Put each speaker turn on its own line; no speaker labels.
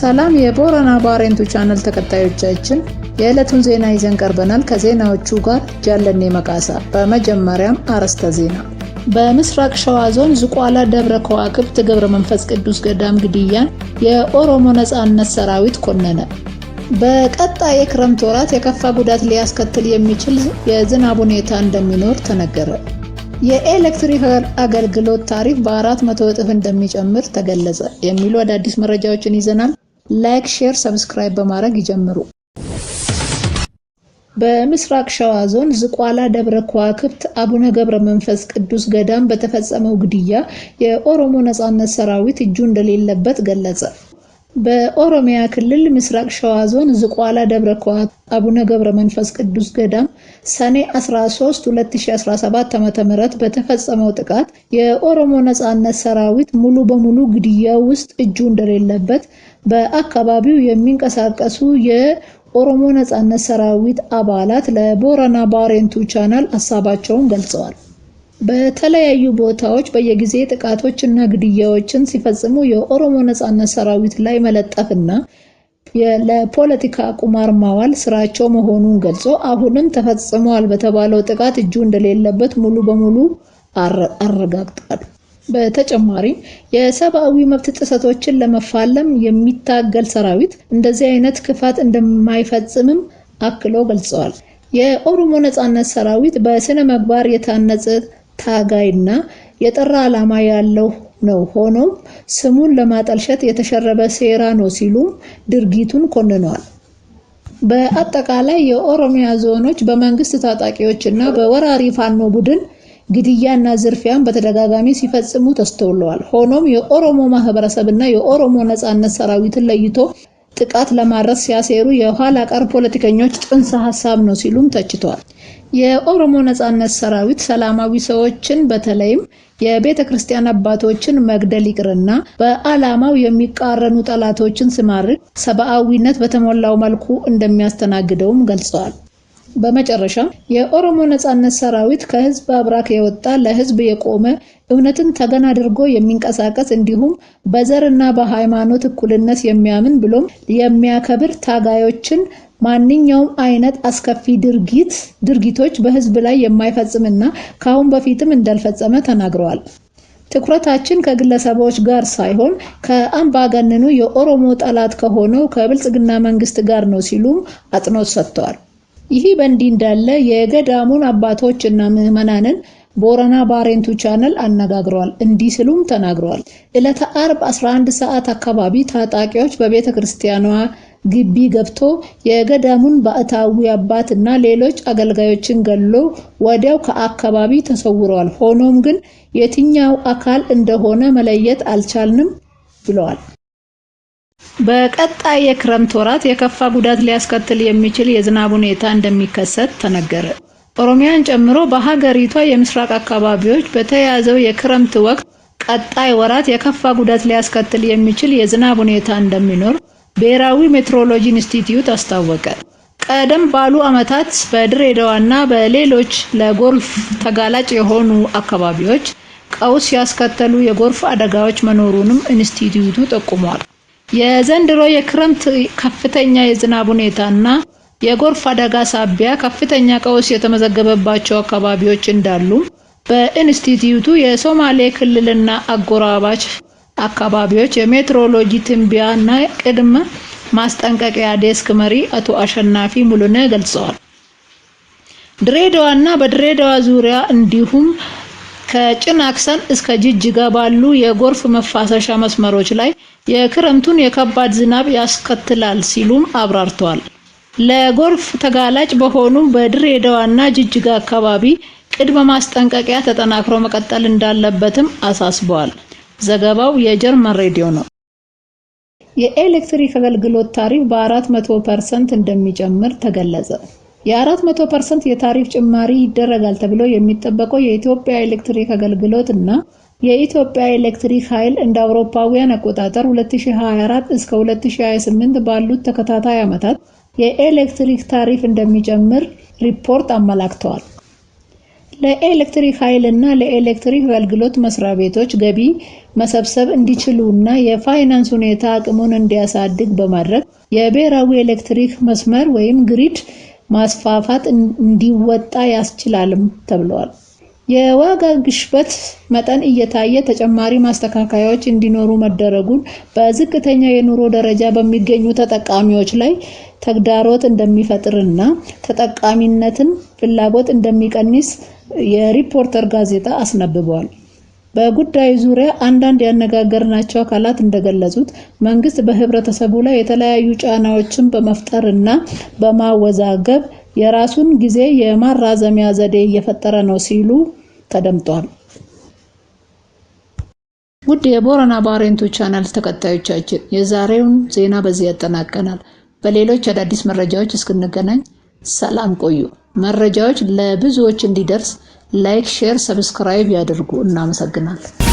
ሰላም የቦረና ባሬንቱ ቻናል ተከታዮቻችን የዕለቱን ዜና ይዘን ቀርበናል። ከዜናዎቹ ጋር ጃለኔ መቃሳ። በመጀመሪያም አርዕስተ ዜና። በምስራቅ ሸዋ ዞን ዝቋላ ደብረ ከዋክብት ገብረ መንፈስ ቅዱስ ገዳም ግድያን የኦሮሞ ነጻነት ሰራዊት ኮነነ። በቀጣይ የክረምት ወራት የከፋ ጉዳት ሊያስከትል የሚችል የዝናብ ሁኔታ እንደሚኖር ተነገረ። የኤሌክትሪክ አገልግሎት ታሪፍ በአራት መቶ እጥፍ እንደሚጨምር ተገለጸ። የሚሉ አዳዲስ መረጃዎችን ይዘናል። ላይክ፣ ሼር፣ ሰብስክራይብ በማድረግ ይጀምሩ። በምስራቅ ሸዋ ዞን ዝቋላ ደብረ ከዋክብት አቡነ ገብረ መንፈስ ቅዱስ ገዳም በተፈጸመው ግድያ የኦሮሞ ነጻነት ሰራዊት እጁ እንደሌለበት ገለጸ። በኦሮሚያ ክልል ምስራቅ ሸዋ ዞን ዝቋላ ደብረ ከዋት አቡነ ገብረ መንፈስ ቅዱስ ገዳም ሰኔ 13 2017 ዓ.ም በተፈጸመው ጥቃት የኦሮሞ ነጻነት ሰራዊት ሙሉ በሙሉ ግድያው ውስጥ እጁ እንደሌለበት በአካባቢው የሚንቀሳቀሱ የኦሮሞ ነጻነት ሰራዊት አባላት ለቦረና ባሬንቱ ቻናል ሀሳባቸውን ገልጸዋል። በተለያዩ ቦታዎች በየጊዜ ጥቃቶች እና ግድያዎችን ሲፈጽሙ የኦሮሞ ነጻነት ሰራዊት ላይ መለጠፍና ለፖለቲካ ቁማር ማዋል ስራቸው መሆኑን ገልጾ አሁንም ተፈጽሟል በተባለው ጥቃት እጁ እንደሌለበት ሙሉ በሙሉ አረጋግጧል። በተጨማሪም የሰብአዊ መብት ጥሰቶችን ለመፋለም የሚታገል ሰራዊት እንደዚህ አይነት ክፋት እንደማይፈጽምም አክሎ ገልጸዋል። የኦሮሞ ነጻነት ሰራዊት በስነ ምግባር የታነጸ ታጋይና የጠራ ዓላማ ያለው ነው። ሆኖም ስሙን ለማጠልሸት የተሸረበ ሴራ ነው ሲሉም ድርጊቱን ኮንነዋል። በአጠቃላይ የኦሮሚያ ዞኖች በመንግስት ታጣቂዎች እና በወራሪ ፋኖ ቡድን ግድያና ዝርፊያን በተደጋጋሚ ሲፈጽሙ ተስተውለዋል። ሆኖም የኦሮሞ ማህበረሰብ እና የኦሮሞ ነጻነት ሰራዊትን ለይቶ ጥቃት ለማድረስ ሲያሴሩ የኋላ ቀር ፖለቲከኞች ጥንሰ ሀሳብ ነው ሲሉም ተችተዋል። የኦሮሞ ነጻነት ሰራዊት ሰላማዊ ሰዎችን በተለይም የቤተ ክርስቲያን አባቶችን መግደል ይቅርና በዓላማው የሚቃረኑ ጠላቶችን ሲማርክ ሰብአዊነት በተሞላው መልኩ እንደሚያስተናግደውም ገልጸዋል። በመጨረሻ የኦሮሞ ነጻነት ሰራዊት ከህዝብ አብራክ የወጣ ለህዝብ የቆመ እውነትን ተገን አድርጎ የሚንቀሳቀስ እንዲሁም በዘርና በሃይማኖት እኩልነት የሚያምን ብሎም የሚያከብር ታጋዮችን ማንኛውም አይነት አስከፊ ድርጊት ድርጊቶች በህዝብ ላይ የማይፈጽምና ከአሁን በፊትም እንዳልፈጸመ ተናግረዋል። ትኩረታችን ከግለሰቦች ጋር ሳይሆን ከአምባገነኑ የኦሮሞ ጠላት ከሆነው ከብልጽግና መንግስት ጋር ነው ሲሉም አጽንኦት ሰጥተዋል። ይህ በእንዲህ እንዳለ የገዳሙን አባቶች እና ምዕመናንን ቦረና ባሬንቱ ቻነል አነጋግረዋል። እንዲህ ስሉም ተናግረዋል። ዕለተ አርብ 11 ሰዓት አካባቢ ታጣቂዎች በቤተ ክርስቲያኗ ግቢ ገብቶ የገዳሙን ባዕታዊ አባት እና ሌሎች አገልጋዮችን ገሎ ወዲያው ከአካባቢ ተሰውረዋል። ሆኖም ግን የትኛው አካል እንደሆነ መለየት አልቻልንም ብለዋል። በቀጣይ የክረምት ወራት የከፋ ጉዳት ሊያስከትል የሚችል የዝናብ ሁኔታ እንደሚከሰት ተነገረ። ኦሮሚያን ጨምሮ በሀገሪቷ የምስራቅ አካባቢዎች በተያያዘው የክረምት ወቅት ቀጣይ ወራት የከፋ ጉዳት ሊያስከትል የሚችል የዝናብ ሁኔታ እንደሚኖር ብሔራዊ ሜትሮሎጂ ኢንስቲትዩት አስታወቀ። ቀደም ባሉ ዓመታት በድሬዳዋና በሌሎች ለጎርፍ ተጋላጭ የሆኑ አካባቢዎች ቀውስ ያስከተሉ የጎርፍ አደጋዎች መኖሩንም ኢንስቲትዩቱ ጠቁሟል። የዘንድሮ የክረምት ከፍተኛ የዝናብ ሁኔታ እና የጎርፍ አደጋ ሳቢያ ከፍተኛ ቀውስ የተመዘገበባቸው አካባቢዎች እንዳሉ በኢንስቲትዩቱ የሶማሌ ክልልና አጎራባች አካባቢዎች የሜትሮሎጂ ትንቢያ እና ቅድመ ማስጠንቀቂያ ዴስክ መሪ አቶ አሸናፊ ሙሉነ ገልጸዋል። ድሬዳዋ እና በድሬዳዋ ዙሪያ እንዲሁም ከጭናክሰን እስከ ጅጅጋ ባሉ የጎርፍ መፋሰሻ መስመሮች ላይ የክረምቱን የከባድ ዝናብ ያስከትላል ሲሉም አብራርተዋል። ለጎርፍ ተጋላጭ በሆኑ በድሬዳዋና ጅጅጋ አካባቢ ቅድመ ማስጠንቀቂያ ተጠናክሮ መቀጠል እንዳለበትም አሳስበዋል። ዘገባው የጀርመን ሬዲዮ ነው። የኤሌክትሪክ አገልግሎት ታሪፍ በ400 ፐርሰንት እንደሚጨምር ተገለጸ። የ400 ፐርሰንት የታሪፍ ጭማሪ ይደረጋል ተብሎ የሚጠበቀው የኢትዮጵያ ኤሌክትሪክ አገልግሎት እና የኢትዮጵያ ኤሌክትሪክ ኃይል እንደ አውሮፓውያን አቆጣጠር 2024 እስከ 2028 ባሉት ተከታታይ ዓመታት የኤሌክትሪክ ታሪፍ እንደሚጨምር ሪፖርት አመላክተዋል። ለኤሌክትሪክ ኃይል እና ለኤሌክትሪክ አገልግሎት መስሪያ ቤቶች ገቢ መሰብሰብ እንዲችሉ እና የፋይናንስ ሁኔታ አቅሙን እንዲያሳድግ በማድረግ የብሔራዊ ኤሌክትሪክ መስመር ወይም ግሪድ ማስፋፋት እንዲወጣ ያስችላልም ተብለዋል። የዋጋ ግሽበት መጠን እየታየ ተጨማሪ ማስተካከያዎች እንዲኖሩ መደረጉን በዝቅተኛ የኑሮ ደረጃ በሚገኙ ተጠቃሚዎች ላይ ተግዳሮት እንደሚፈጥርና ተጠቃሚነትን ፍላጎት እንደሚቀንስ የሪፖርተር ጋዜጣ አስነብቧል። በጉዳዩ ዙሪያ አንዳንድ ያነጋገርናቸው አካላት እንደገለጹት መንግስት በህብረተሰቡ ላይ የተለያዩ ጫናዎችን በመፍጠር እና በማወዛገብ የራሱን ጊዜ የማራዘሚያ ዘዴ እየፈጠረ ነው ሲሉ ተደምጧል። ውድ የቦረና ባሬንቱ ቻናል ተከታዮቻችን የዛሬውን ዜና በዚህ ያጠናቀናል። በሌሎች አዳዲስ መረጃዎች እስክንገናኝ ሰላም ቆዩ። መረጃዎች ለብዙዎች እንዲደርስ ላይክ፣ ሼር፣ ሰብስክራይብ ያድርጉ። እናመሰግናለን።